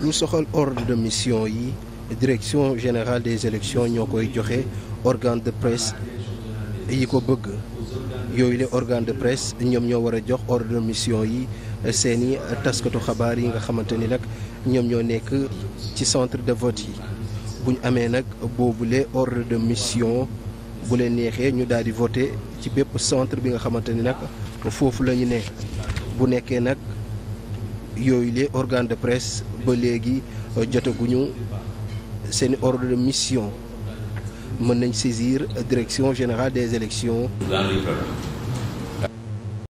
lu soxal ordre de mission yi direction générale des élections ñoo koy joxe organe de presse yi ko bëgg yooyu le organe de presse ñoom ñoo war a jox ordre de mission yi seeni taskatu xabaar yi nga xamante ni nag ñoom ñoo nekk ci centre de vote yi bu amee nag boobule ordre de mission bu leen neexee ñu daal di voter ci bépp centre bi nga xamante ni nag foofu la ñu ne bu nekkee nag. yooyu les organes de presse ba léegi euh, jotaguñu seen ordre de mission mën nañ saisir direction générale des élections